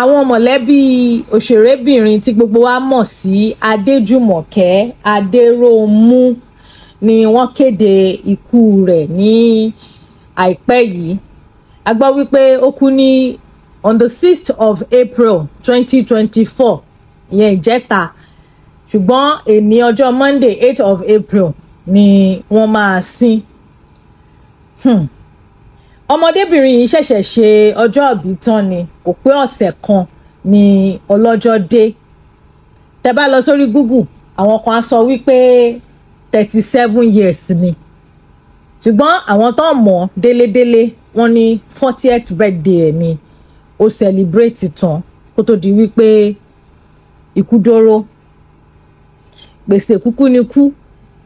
àwọn mọ̀lẹ́bí òṣèrébìnrin tí gbogbo wa mọ̀ sí adéjùmọ̀kẹ́ adéròmù ni wọ́n kéde ikú rẹ̀ ní àìpẹ́ yìí a gbọ́ wípé ó kú ní on the sixth of april twenty twenty four ìyẹn ìjẹta ṣùgbọ́n èní ọjọ́ monday eight of april ni wọ́n máa sin. Hmm ọmọdébìnrin yìí ṣẹ̀ṣẹ̀ ṣe ọjọ́òbí tán ni kò pé ọ̀sẹ̀ kan ni ọlọ́jọ́ dé tẹ bá lọ sórí Google àwọn kan á sọ wípé thirty seven years ni ṣùgbọ́n àwọn tó mọ̀ délédélé wọ́n ní fortieth birthday ẹ̀ ni ó celebrate tán kó tó di wípé ikú dóró gbèsè kúkú ni kú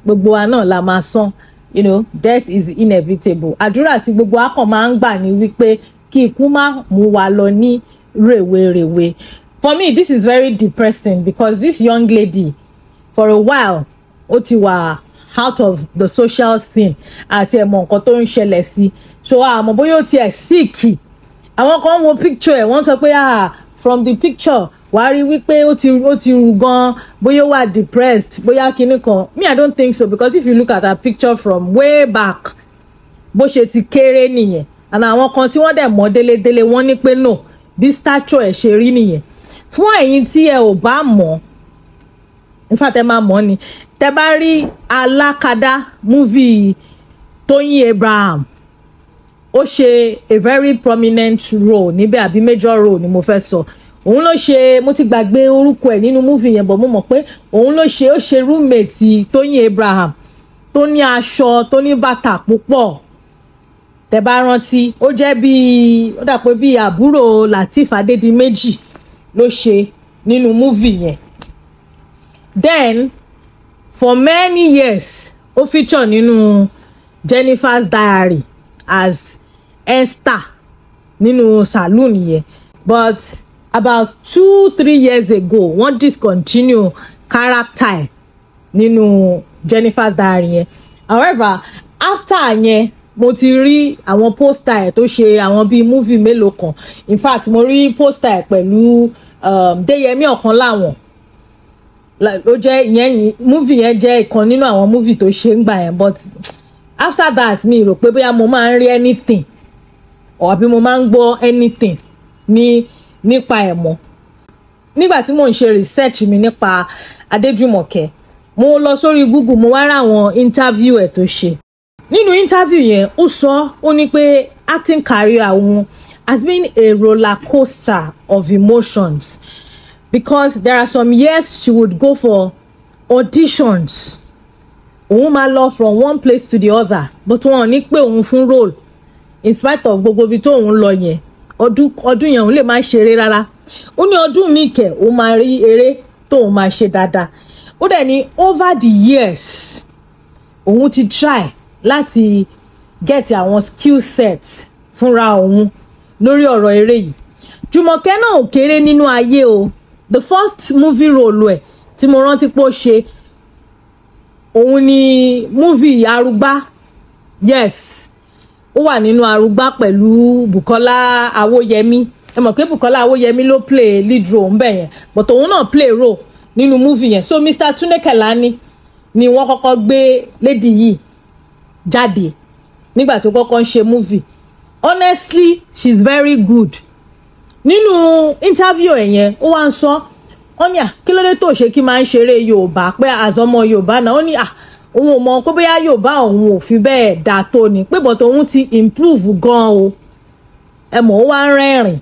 gbogbo wa náà la máa san you know death is inevitable àdúrà tí gbogbo akàn máa ń gbà ní wípé kí ikú má mú wa lọ ní rèwerèwe for me this is very depressing because this young lady for a while ó ti wà out of the social scene àti ẹ̀mọ̀ nǹkan tó ń ṣẹlẹ̀ sí so àmọ́ bóyá ó tiẹ̀ síìkì àwọn kan wo picture ẹ̀ wọ́n sọ pé ah from the picture wàá rí wípé ó ti ó ti rù gan bóyá ó wà depressed bóyá kinní kan me i don't think so because if you look at her picture from way back bó ṣe ti kéré nìyẹn and àwọn kan tí wọ́n dẹ̀ mọ̀ délédélé wọ́n ní pé no bí stature ẹ̀ ṣe rí nìyẹn fún ẹ̀yin tí ẹ ò bá mọ̀ nífà tẹ́ máa mọ̀ ni tẹ́ bá rí alákadá múvì Tóyìn Abraham ó ṣe a very prominent role níbẹ̀ àbí major role ni mo fẹ́ sọ òun ló ṣe mo ti gbàgbé orúkọ ẹ̀ nínú múfì yẹn bọ̀ mo mọ̀ pé òun ló ṣe ó ṣe roommate Tóyìn Abraham tó ní aṣọ tó ní bàtà púpọ̀ tẹ́ bá rántí ó jẹ́ bíi ó dàpọ̀ bíi àbúrò Lateef Adédìméjì ló ṣe nínú múfì yẹn then for many years ó feature nínú Jennifer's Diary as Esther nínú saloon yẹn but about two three years ago wọ́n discontinue character ẹ̀ nínú Jennifer's Diary yẹn however after yẹn mo ti rí àwọn pósítà ẹ̀ tó ṣe àwọn bíi movie mélòó kan in fact mo rí pósítà ẹ̀ pẹ̀lú um, Déyẹmí Ọ̀kánláwọ̀n ó jẹ́ ìyẹn movie yẹn jẹ́ ìkan nínú àwọn movie tó ṣe ń gbà yẹn but after that mi rò pé bóyá mo máa ń rí anything or àbí mo máa ń gbọ́ anything ní nípa ẹ̀ mọ́ nígbà tí mò ń ṣe research mi nípa Adéjùmọ̀kẹ́ mo lọ sórí Google mo wá ráwọn interview ẹ̀ tó ṣe nínú interview yẹn ó sọ ó ní pé acting career òun has been a roller coaster of emotions because there are some years she would go for auditions òun máa lọ from one place to the other but wọn ò ní pè òun fún role in spite of gbogbo ibi tó òun lọ yẹn ọdún ọdún yẹn òun lè máa ṣeré rárá ó ní ọdún míì kẹ̀ òun máa rí eré tóun máa ṣe dáadáa ó dẹ̀ ní over the years òun ti try láti get àwọn skill set fúnra òun lórí ọ̀rọ̀ eré yìí Jùmọ̀kẹ́ náà ò kéré nínú ayé o the first movie role ẹ̀ tí mo rántí pé ó ṣe òun ni movie arúgbá yes ó wà nínú arúgbá pẹ̀lú Bukola Awoyemi ẹ mọ̀ pé Bukola Awoyemi ló play lead role ńbẹ̀ yẹn but òun náà play role nínú movie yẹn so Mr Tunde Kelani ni wọ́n kọ́kọ́ gbé lady yìí jáde nígbà tó kọ́kọ́ ń ṣe movie honestly she is very good nínú interview ẹ̀ yẹn ó wá ń sọ ọ́ ní à kí ló dé tó ṣe kí máa ń ṣeré Yorùbá pé àzọmọ Yorùbá náà ó ní à òun ò mọ̀ pé bóyá yorùbá òun ò bẹ́ẹ̀ dà tó ni pé bọ̀tọ̀ òun ti improve gan o ẹ mọ̀ ó wá ń rẹ́rìn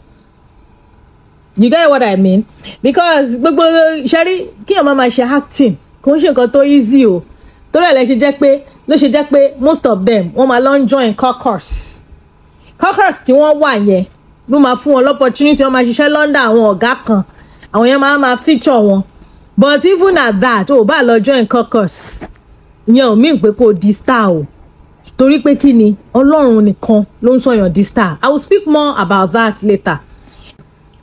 you get what I mean because gbogbo ṣẹ́rí kí èèyàn máa ṣe acting kò ń ṣe nǹkan tó easy o torí ẹ̀ lẹ́ ṣe jẹ́ pé ló ṣe jẹ́ pé most of them wọ́n máa lọ ń join caucus caucus tí wọ́n wà yẹn ló máa fún wọn lọ́pọ̀tunity wọ́n máa ṣiṣẹ́ London àwọn ọ̀gá kan àwọn yẹn máa máa feature wọn but even at that oh, bá lọ join caucus yẹn ò mí pé kó di star o torí pé kí ni ọlọ́run nìkan ló ń sọ̀yàn di star i will speak more about that later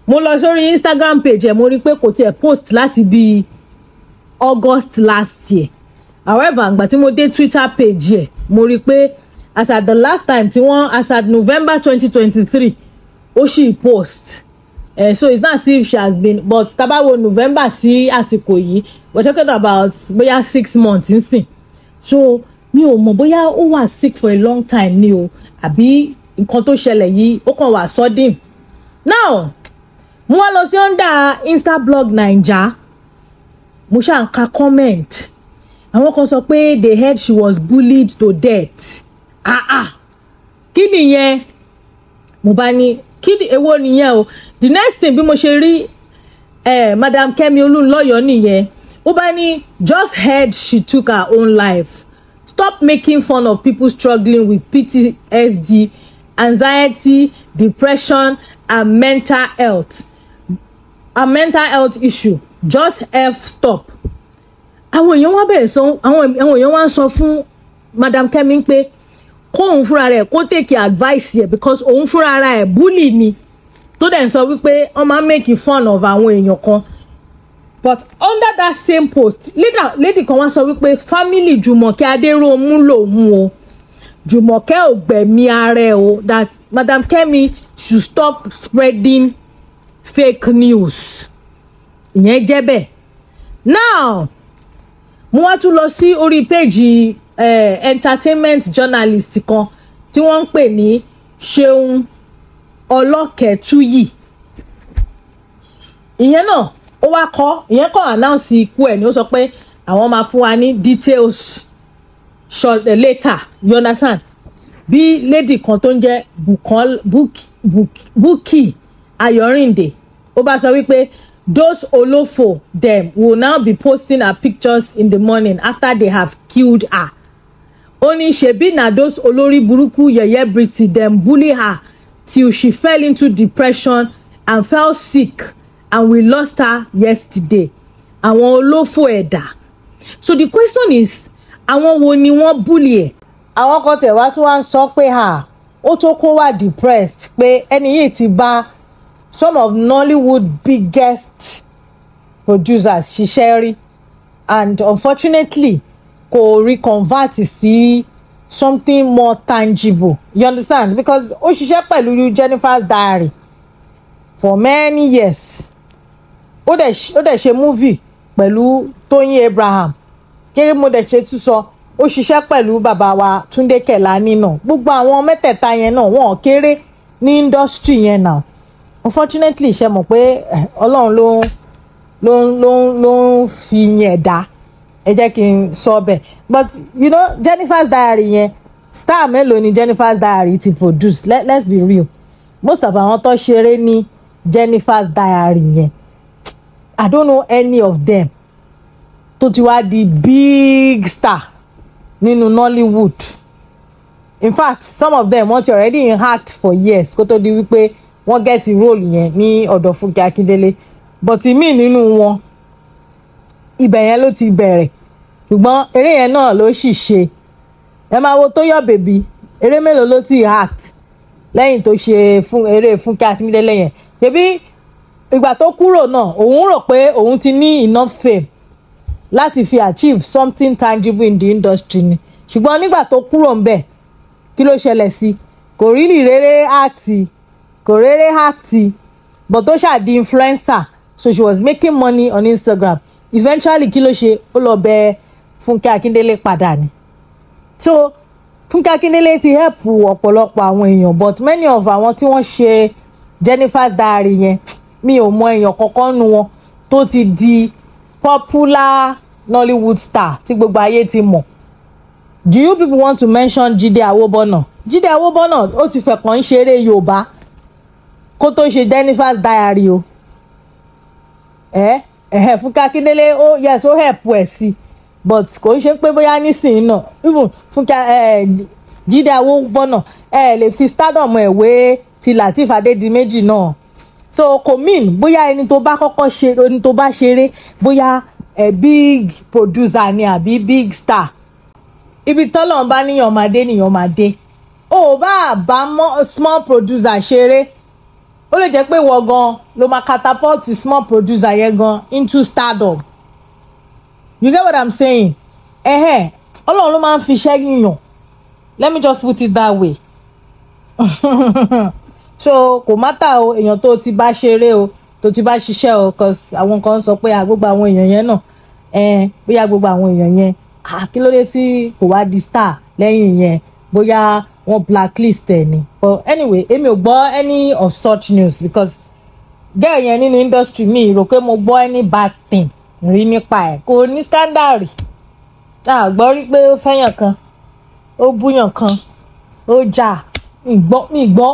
mo lọ sórí instagram page ẹ mo rí i pé kò tiẹ̀ post láti bíi august last year however àgbà tí mo dé twitter page ẹ mo rí i pé as at the last time tí wọ́n as at november 2023, twenty ó sì post uh, so it's not as if she has been but kaba wo november sí àsìkò yìí we're talking about bóyá six months nsìn so mi ò mọ̀ bóyá ó wà sick for a long time ni o àbí nǹkan tó ṣẹlẹ̀ yìí ó kàn wà sudden now mo wá lọ sí under instablog naija mo ṣáà ń ka comment àwọn kan sọ pé they heard she was bullied to death ah ah kí nìyẹn mo bá ní kí èwo nìyẹn o the next thing bí mo ṣe rí eh, madam Kẹ́mi Olúnlọ́yọ̀ nìyẹn Ubani just heard she took her own life stop making fun of people struggling with PTSD anxiety depression and mental health and mental health issue just help stop àwọn èèyàn wá bẹ̀rẹ̀ sọ àwọn èèyàn wá ń sọ fún madam Kemi pé kóun fúnra rẹ̀ kó take advice yẹ because òun fúnra rẹ̀ bully ni tó dẹ̀ ń sọ wípé wọ́n máa ń make fun of àwọn èèyàn kan but under that same post leader lady kan wá sọ wípé family Jùmọ̀kẹ́ Adéròmú lòun o Jùmọ̀kẹ́ ò gbẹ̀mí ara o that Madam Kemi should stop spreading fake news ìyẹn jẹ́ bẹ́ẹ̀ now mo wá tún lọ sí orí péjì eh, entertainment journalist kan tí wọ́n ń pè ní Ṣeun Ọlọ́kẹ̀túyì ìyẹn náà ó wá kọ ìyẹn kàn announce ikú ẹ̀ ni ó sọ pé àwọn máa fún wa ní details short uh, later you understand bí lady kan tó ń jẹ́ Bukky Ayọ̀rìndé ó bá sọ wípé those olófò dem will now be posting her pictures in the morning after they have killed her ó ní ṣebí na those olórí burúkú yẹ̀yẹ́ Britty dem bully her till she fell into depression and fell sick and we lost her yesterday àwọn olófò ẹ̀dá so the question is àwọn wo ni wọ́n búlì ẹ̀. àwọn kan tẹ̀ wá tí wọ́n á sọ pé ha ó tó kó wà depressed pé ẹni yìí ti bá some of Nollywood biggest producers ṣiṣẹ́ rí and unfortunately kò rí convert sí. something more tangible you understand because ó ṣiṣẹ́ pẹ̀lú Jennifer's diary for many years ó dẹ̀ ṣe movie pẹ̀lú Tóyìn Abraham kéré mo dẹ̀ ṣe tún sọ ó ṣiṣẹ́ pẹ̀lú bàbá wa Túndé Kẹ̀lání náà gbogbo àwọn mẹ́tẹ̀ẹ̀ta yẹn náà wọ́n kéré ní industry yẹn náà unfortunately ṣe mọ̀ pé eh, Ọlọ́run ló ń ló ń ló ń ló ń fi yẹn dá ẹ jẹ́ kí n sọ bẹ́ẹ̀ but you know Jennifer's Diary yẹn star mélòó ni Jennifer's Diary ti produce Let, let's be real most of àwọn tó ṣeré ní Jennifer's Diary yẹn I don't know any of them tó ti wá di big star nínú Nollywood in fact some of them wọ́n ti already in for years kó tó di wípé wọ́n get role yẹn ní ọ̀dọ̀ Fúnkẹ́ Akíndélé but imi nínú wọn ibẹ̀ yẹn ló ti bẹ̀rẹ̀ ṣùgbọ́n eré yẹn náà ló sì ṣe ẹ máa wo Tóyọ̀ bèbí eré mélòó ló ti act lẹ́yìn tó ṣe fún eré Fúnkẹ́ Akíndélé yẹn ṣebí ìgbà tó kúrò náà òun rò pé òun ti ní enough fame láti fi achieve something tangible in the industry ni ṣùgbọ́n nígbà tó kúrò ń bẹ̀ kí ló ṣẹlẹ̀ sí kò rí ní rere àti kò rere àti but ó ṣáà di influencer so she was making money on Instagram eventually kí ló ṣe ó lọ bẹ Fúnkẹ́ Akíndélé padà ni so Fúnkẹ́ Akíndélé ti help ọ̀pọ̀lọpọ̀ àwọn èèyàn but many of àwọn tí wọ́n ṣe Jennifer's Diary yẹn mi ò mọ èèyàn kankan nu wọn tó ti di popular Nollywood star tí gbogbo ayé ti mọ̀ do you people want to mention Jide Awóbọ́nà Jide Awóbọ́nà ó ti fẹ̀kàn ń ṣeré Yorùbá kó tó ṣe Jennifer's diary o ẹ ẹ̀hẹ̀ Fúnkẹ́ Akíndélé ó yẹsọ help ẹ̀ sí but kò ń ṣe pé bóyá nísìnyí náà even Fúnkẹ́ ẹ̀ Jídé Awóbọ́nà ẹ̀ lè fi stardom ẹ̀ wé ti Lateef Adédìméjì náà so kò mean bóyá ẹni tó bá kọ́kọ́ ṣe ẹni tó bá ṣeré bóyá ẹ eh, big producer ni àbí big star ibi tọ́lọ́run bá níyàn máa dé níyàn máa dé ò bá bá small producer ṣeré ó lè jẹ́ pé wọ́n gan ló máa catapult small producer yẹn gan into stardom you get what i'm saying ẹ̀hẹ́n ọlọ́run ló máa ń fi iṣẹ́ yíyan let me just put it that way. so kò mátà o èèyàn tó ti bá ṣeré o tó ti bá ṣiṣẹ́ o cause àwọn kan sọ pé àgbogbo àwọn èèyàn yẹn náà ẹn bóyá gbogbo àwọn èèyàn yẹn kí ló dé tí kò wá di star lẹ́yìn yẹn bóyá wọ́n blacklist ẹ̀ ni but anyway èmi ò gbọ́ any of such news because girl yẹn nínú industry mi rò pé mo gbọ́ any bad thing rí nípa ẹ̀ kò ní scandal rí a gbọ́ rí pé ó fẹ́yàn kan ó búyàn kan ó jà mi gbọ́ mi gbọ́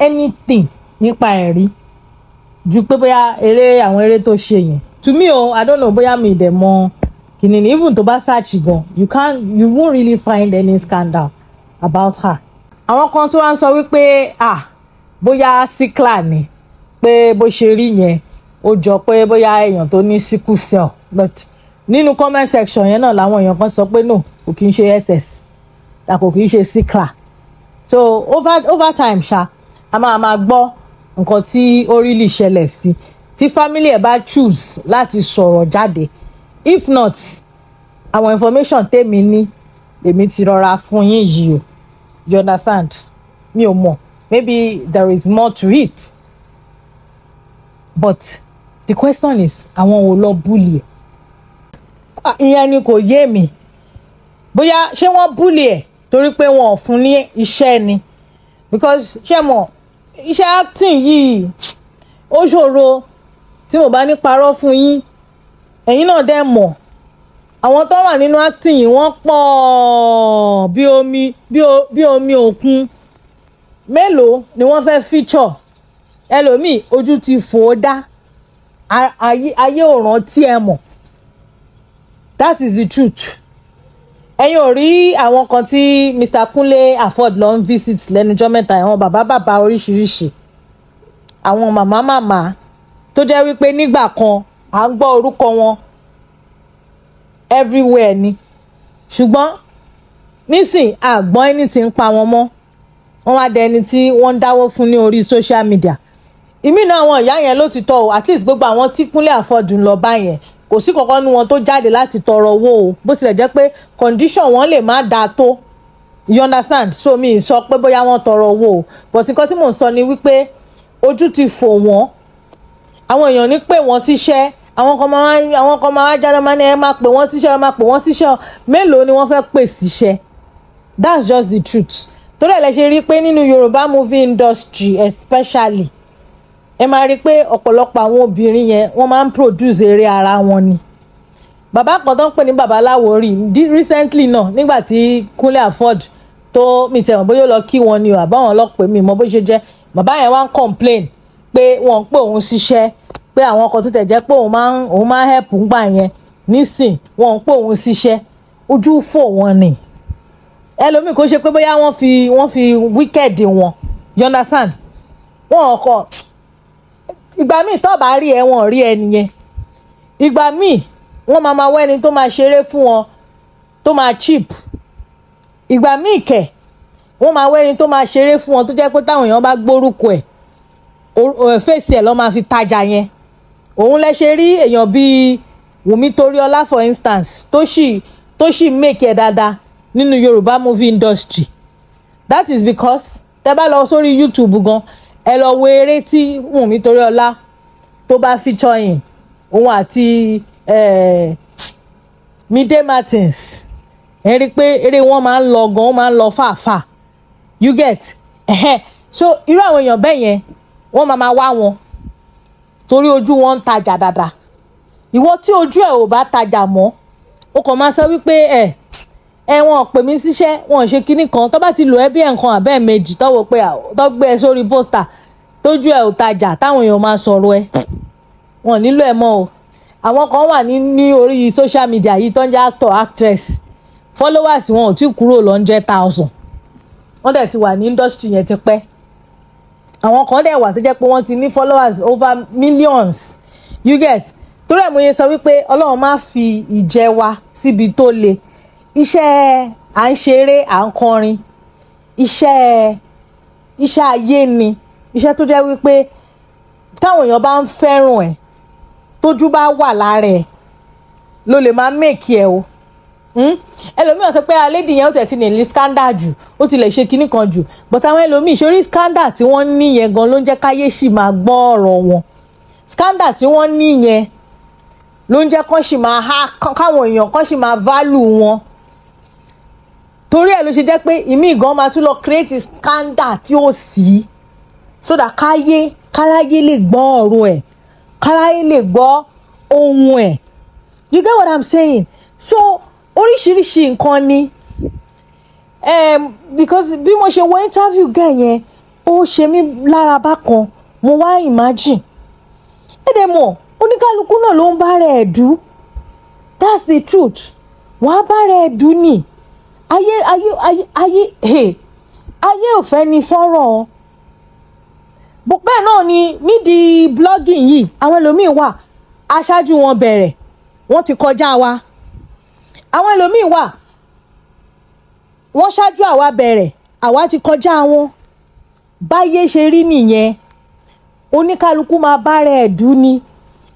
anything nípa ẹ̀ ju pé bóyá eré àwọn eré tó ṣe yẹn to me o i don't know bóyá mi dẹ̀ mọ kìnìún ni even tó bá search gan you can't you won't really find any scandal about her. àwọn kan tó wá ń sọ wípé ah bóyá síkla ni pé bó ṣe rí yẹn ó jọ pé bóyá èèyàn tó ní sickle cell but nínú comment section yẹn náà làwọn èèyàn kan sọ pé no kò kí n ṣe ss kò kí n ṣe síkla so over over time ṣá a máa máa gbọ́ nǹkan tí ó rí lè ṣẹlẹ̀ sí tí family ẹ̀ bá choose láti sọ̀rọ̀ jáde if not àwọn information tèmi ní èmi ti rọra fún yín yìí o you understand mi ò mọ̀ maybe there is more to it but the question is àwọn wo ló búlì ẹ̀ ah, ìyẹn ni kò yé mi bóyá ṣé wọ́n búlì ẹ̀ torí pé wọn ò fún ní iṣẹ́ ni because ṣé mọ̀ iṣẹ́ acting yìí ó ṣòro tí mo bá ní parọ́ fún yín ẹ̀yin náà dẹ̀ mọ̀ àwọn tó wà nínú acting yìí wọ́n pọ̀ bí omi bí omi òkun mélòó ni wọ́n fẹ́ feature ẹlòmíì ojú ti fò ó dá ayé òràn tí ẹ mọ̀ that is the truth ẹ̀yin ò rí àwọn kan tí Mr Kunle afford lọ ń visit lẹ́nujọ́ mẹ́ta àwọn bàbá bàbá oríṣiríṣi àwọn màmá màmá tó jẹ́ wípé nígbà kan à ń gbọ́ orúkọ wọn everywhere ni ṣùgbọ́n nísìn àgbọ́n ẹni tí ń pa wọn mọ́ wọ́n wá dé ẹni tí wọ́n ń dáwọ́ fún ní orí social media ìmí náà àwọn ìyá yẹn ló ti tọ́ o at least gbogbo àwọn tí afford àfọdùn lọ bá yẹn kò sí kankan nu wọn tó jáde láti tọrọ owó o bó tilẹ̀ jẹ́ pé condition wọn lè má dáa tó you understand so mi sọ pé bóyá wọ́n tọrọ owó o but nǹkan tí mò ń sọ ni wípé ojú ti fò wọ́n àwọn èèyàn ní pé wọ́n síṣẹ́ àwọn kan máa àwọn kan máa jáde máa ní ẹ máa pè wọ́n síṣẹ́ ẹ máa pè wọ́n síṣẹ́ mélòó ni wọ́n fẹ́ pè síṣẹ́ that's just the truth torí ẹ̀ lẹ́ ṣe rí i pé nínú Yorùbá movie industry especially ẹ máa rí i pé ọ̀pọ̀lọpọ̀ àwọn obìnrin yẹn wọ́n máa ń produce eré ara wọn ni bàbá kan tó ń pè ní babaláwo rí recently náà nígbà tí Kúnlé Afod tó mi tẹ̀ wọ́n bóyá ó lọ kí wọn ni o àbáwọn ọlọ́pẹ́ mi mọ bó ṣe jẹ́ bàbá yẹn wá ń complain pé wọ́n ń pè òun ṣiṣẹ́ pé àwọn kan tó tẹ̀ jẹ́ pé òun máa ń òun máa ń help ńgbà yẹn nísìn wọ́n ń pè òun ṣiṣẹ́ ojú fò wọn ni ẹlòmíì kò ṣe pé bóyá wọ́n fi wọ́n fi wicked wọn you understand wọ́n kọ́ ìgbà míì tó bá rí ẹ wọn rí ẹ nìyẹn ìgbà míì wọ́n máa máa wá ẹni tó máa ṣeré fún wọn tó máa cheap ìgbà míì kẹ̀ wọ́n máa wá ẹni tó máa ṣeré fún wọn tó jẹ́ pé táwọn èèyàn bá gbórúkọ ẹ̀ fèsì ẹ̀ lọ́ máa fi tajà yẹn òun lẹ ṣe rí èèyàn bíi Wùmí Toríọlá for instance tó sì tó sì make ẹ dáadáa nínú Yorùbá movie industry that is because tẹ́ bá lọ sórí YouTube gan ẹ lọ wo eré tí Wùnmí Toríọlá tó bá featuring òun àti Mide Martins ẹ rí i pé eré wọn máa ń lọ gan ó máa ń lọ fàáfàá you get so irú àwọn èèyàn bẹ́ẹ̀ yẹn wọ́n máa máa wá wọn torí ojú wọn ń tajà dáadáa ìwọ tí ojú ẹ ò bá tajà mọ́ o kàn máa sọ wípé ẹ. Eh, ẹ wọn pè mí síṣẹ́ wọn ṣe kinní kan tó bá ti lò ẹ́ bí ẹ̀ǹkan àbẹ́ẹ̀ méjì tọ́wọ́ pé tọ́gbẹ́ sórí pósítà tójú ẹ̀ ò tajà táwọn èèyàn máa sọ̀rọ̀ ẹ̀ wọn nílò ẹ̀ mọ́ o àwọn kan wà ní ní orí social media yìí tó ń jẹ́ actor actress followers wọn ò tí kúrò lọ hundred thousand wọ́n dẹ̀ ti wà ní industry yẹn ti pẹ́ àwọn kan dẹ̀ wà tó jẹ́ pé wọ́n ti ní followers over millions you get torí ẹ̀ mo yẹ sọ wípé ọlọ́run má fi ìjẹ wa síbi tó le iṣẹ́ à ń ṣeré à ń kọrin iṣẹ́ iṣẹ́ ayé ni iṣẹ́ tó jẹ́ wípé táwọn èèyàn bá ń fẹ́ràn ẹ̀ tójú bá wà lára ẹ̀ ló lè máa mèkì ẹ̀ o hmm? ẹlòmíràn sọ pé alédè ó tẹ̀ ti scandal jù ó ti lè ṣe kinní kan jù but àwọn ẹlòmíì ìṣorí scandal tí wọ́n ní yẹn gan ló ń jẹ́ káyé sì máa gbọ́ ọ̀rọ̀ wọn scandal tí wọ́n ní yẹn ló ń jẹ́ kán sì máa há káwọn èèyàn kán sì máa válù wọn torí ẹ̀ ló ṣe jẹ́ pé ìmí gan máa tún lọ create scandal tí ó sì so that káyé káláyé lè gbọ́ ọ̀rọ̀ ẹ̀ káláyé lè gbọ́ ohun ẹ̀ you get what i'm saying so oríṣiríṣi nǹkan ni um, because bí mo ṣe wo interview gẹ̀ yẹn ó ṣe mí lára bákan mo wá imagine ẹ̀dẹ̀ mọ̀ oníkálukú náà ló ń bá rẹ̀ ẹ̀dú that's the truth wàá bá rẹ̀ ẹ̀dú nìí ayé ayé ayé ayé hey, ayé ò fẹ́ ni fọ́nrán o bẹ́ẹ̀ náà ni nídìí blogging yìí àwọn ẹlòmíín wà aṣáájú wọn bẹ̀rẹ̀ wọ́n ti kọjá wa àwọn ẹlòmíín wà wọ́n ṣáájú àwa bẹ̀rẹ̀ àwa ti kọjá wọn báyé ṣe rí nìyẹn oníkálukú máa bára ẹ̀ dùn ni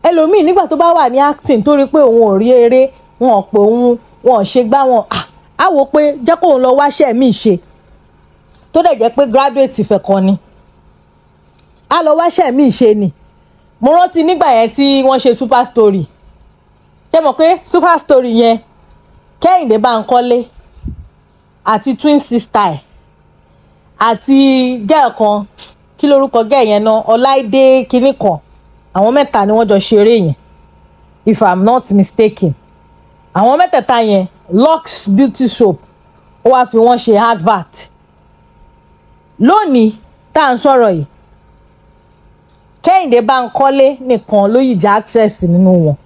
ẹlòmíín nígbà tó bá wà ní acting tó rí pé òun ò rí eré wọn ò pé òun wọn ò ṣe gbá wọn ah á wò pé jẹ́ kóun lọ wáṣẹ́ míì ṣe tó dẹ̀ jẹ́ pé graduate ìfẹ́ kan ni á lọ wáṣẹ́ míì ṣe ni mo rántí nígbà yẹn tí wọ́n ṣe super story ṣé mọ̀ pé super story yẹn Kẹ́hìndé Báńkọ́lé àti twin sister ẹ̀ àti gẹ́ẹ̀ kan kí lorúkọ gẹ́ẹ̀ yẹn náà Ọláìdé kinní kan àwọn mẹ́ta ni wọ́n jọ ṣeré yẹn if i'm not mistaken àwọn mẹ́tẹ̀ẹ̀ta yẹn Lux beauty soap ó wáá fi wọ́n ṣe advert lónìí tá à ń sọ̀rọ̀ yìí Kẹ́hìndé Báńkọ́lé nìkan ló yìí jẹ́ actress nínú wọn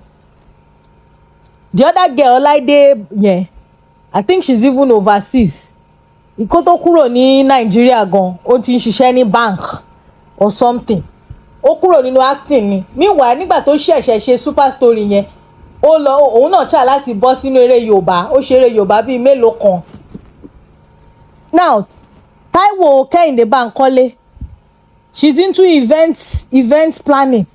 the other girl Láìdé yẹn I think she's even overseas ìkó tó kúrò ní nàìjíríà gan ó ti ń ṣiṣẹ́ ní bank or something ó kúrò nínú acting ni meanwhile nígbà tó ṣẹ̀ṣẹ̀ ṣe super story yẹn ó lọ òun náà ṣá láti bọ́ sínú eré yorùbá ó ṣe eré yorùbá bíi mélòó kan now Táíwò Kẹ́hìndé Bánkọ́lé she's into event event planning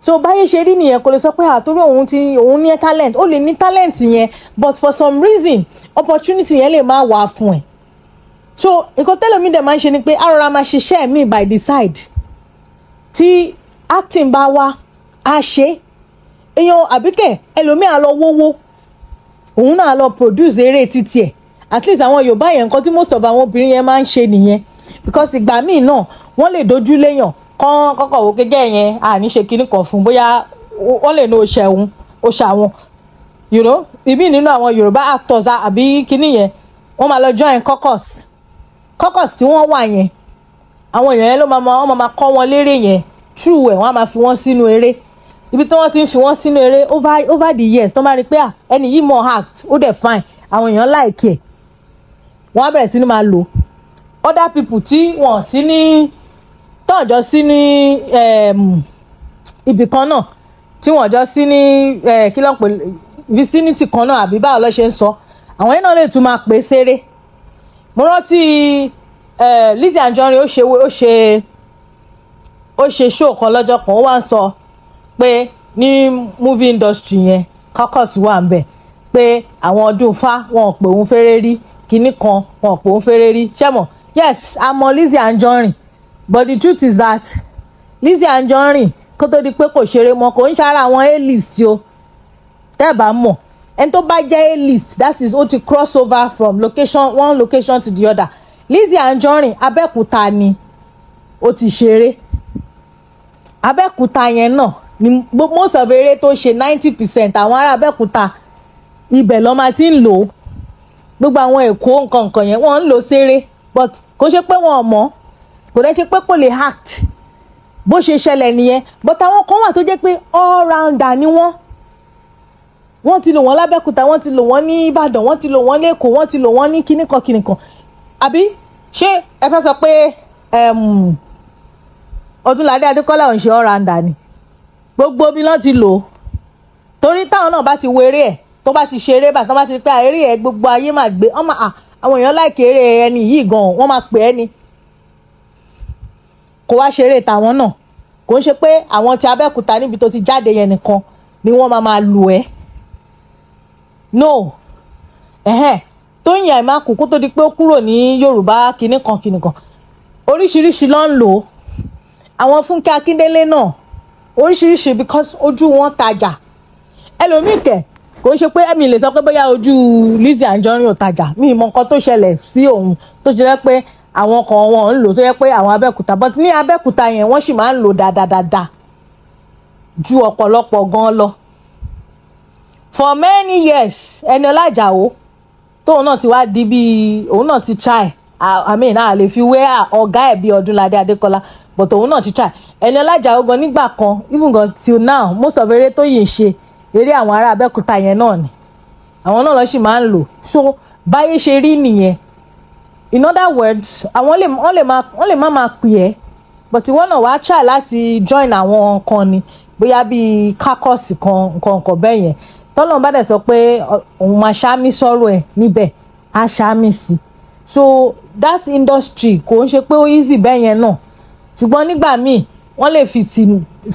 so báyé ṣe rí nìyẹn kò lè sọ pé àtúrò ah, òun ti òun ní talent ó lè ní talent yẹn but for some reason opportunity yẹn lè má wà fún ẹ so nǹkan tẹ́lẹ̀mí dẹ̀ máa ń ṣe ni pé arọra máa ṣiṣẹ́ mi by the side tí acting bá wá a ṣe èèyàn àbíkẹ́ ẹlòmíà lọ wówó òun náà lọ produce eré títí ẹ̀ at least àwọn yorùbá yẹn nǹkan tí most of àwọn obìnrin yẹn máa ń ṣe nìyẹn because ìgbà míì náà wọ́n lè dojú léyàn kán kọ́kọ́ wò gẹ́gẹ́ yẹn àní ṣe kinní kan fún bóyá wọ́n lè ní o ṣẹ̀wọ̀n o ṣàwọn you know ìmí nínú àwọn yorùbá actors àbí kinní yẹn wọ́n máa lọ join caucus caucus tí wọ́n wà yẹn àwọn èèyàn yẹn ló máa wọ́n máa kọ́ wọn lérè yẹn true ẹ̀ wọ́n á máa fi wọ́n sínú eré ibi tí wọ́n ti ń fi wọ́n sínú eré over over the years tó máa rí pé ah, ẹni yìí mọ̀ act ó dẹ̀ fine àwọn èèyàn láìkí ẹ̀ wọ́n á bẹ̀rẹ̀ sí ni máa lò other people tí wọ́n sí ní tọ́jọ́ sí ní ehm, ibì kan náà tí wọ́n jọ sí ní kí ló ń pè vicinity kan náà àbí báwo ló ṣe ń sọ àwọn yẹn náà lè tún máa pè é ṣeré mo rántí Lizzy Anjorin ó ṣe ó ṣe ó ṣe show kan lọ́jọ́ kan ó wá ń sọ. So, pé ní movie industry yẹn caucus wà ń bẹ̀ pé àwọn ọdún fa wọn ò pè òun fèrè rí kinní kan wọn ò pè òun fèrè rí ṣẹ́mọ̀ yes àmọ́ Lizzy Anjorin but the truth is that Lizzie Anjorin kó tó di pé kò ṣeré mọ́ kò ń ṣara àwọn a-list o tẹ́ ẹ̀ bá mọ̀ ẹni tó bá jẹ́ a-list that is ó ti cross over from location one location to the other Lizzie Anjorin Abẹ́òkúta ni ó ti ṣeré Abẹ́òkúta yẹn náà ni most of eré tó ṣe ninety percent àwọn ará Abẹ́òkúta ibẹ̀ ló máa ti ń lò ó gbogbo àwọn Èkó nǹkan nǹkan yẹn wọ́n ń lò ṣeré but kò ṣe pé wọn ò mọ̀ kò dẹ́ ṣe pé kò lè act bó ṣe ṣẹlẹ̀ nìyẹn but àwọn kan wà tó jẹ́ pé all rounder ni wọ́n wọ́n ti lò wọ́n lábẹ́kúta wọ́n ti lò wọ́n ní Ìbàdàn wọ́n ti lò wọ́n lẹ́kọ̀ọ́ wọ́n ti lò wọ́n ní kíníkan kíníkan àbí ṣé ẹ fẹ́ sọ pé Ọdúnládé Adékọ́lá ò ń ṣe all rounder ni gbogbo omi lọ́n ti lò ó torí táwọn náà bá ti wéré ẹ̀ tó bá ti ṣeré bàtà bá ti rí pé eré ẹ̀ gbogbo ayé máa gbé ọmọ àwọn èèyàn láìkè eré ẹni yìí gan-an wọ́n máa pè é ni kó wá ṣeré tàwọn náà kò ń ṣe pé àwọn ti Abẹ́òkúta níbi tó ti jáde yẹn nìkan ni wọ́n máa máa lù ẹ́ no ẹ̀hẹ́n Tóyìn Àìmákù kó tó di pé ó kúrò ní Yorùbá kìnnìkan kìnnìkan oríṣiríṣi ló ń lò àwọn Fúnkẹ́ Akíndélé náà oríṣiríṣi because ojú wọn tajà ẹlòmíì kẹ̀ kò ń ṣe pé èmi lè sọ pé bóyá ojú Lizzy Anjorin ò tajà mi mọ nǹkan tó ṣẹlẹ̀ sí òun tó jẹ́ pé àwọn kan wọn ń lò tó yẹ pé àwọn Abẹ́òkúta but ní Abẹ́òkúta yẹn wọ́n sì máa ń lò dáadáa ju ọ̀pọ̀lọpọ̀ gan lọ for many years Ẹniọlá Àjàó tóun náà ti wá di bíi òun náà ti try I mean a lè fi wé ọ̀gá ẹ̀ bíi Ọdúnládé Adékọlá but òun náà ti try ẹni ọlájà ogun nígbà kan even gan till now most of eré tó yìn ṣe eré àwọn ará abẹ́òkúta yẹn náà ni àwọn náà lọ sì máa ń lò so báyé ṣe rí nìyẹn in other words àwọn lè wọ́n lè máa wọ́n lè má máa pè ẹ́ but ìwọ náà wàá try láti join àwọn kan ni bóyá bíi kákọ́ọ̀sì kan nǹkan nǹkan bẹ́ẹ̀ yẹn tọ́lọ́n bá dẹ̀ sọ pé òun máa ṣáàmì sọ̀rọ̀ ẹ̀ níbẹ̀ á ṣáàmì sí so that industry kò ń ṣe pé ó easy bẹ́ẹ̀ yẹn náà. No ṣùgbọ́n nígbà míì wọ́n lè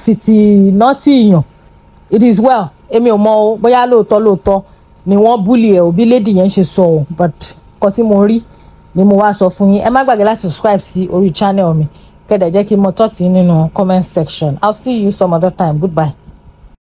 fìtì nọ́ọ̀tì èèyàn it is well èmi ò mọ o bóyá lóòótọ́ lóòótọ́ ni wọ́n búlì ẹ̀ òbí lédi yẹn ṣe sọ ọ́ but nǹkan tí mo rí ni mo wá sọ fún yín ẹ má gbàgbé láti subscribe sí orí channel mi kẹ́dẹ̀ jẹ́ kí n mọ tọ́tì nínú comment section I'll see you some other time goodbye.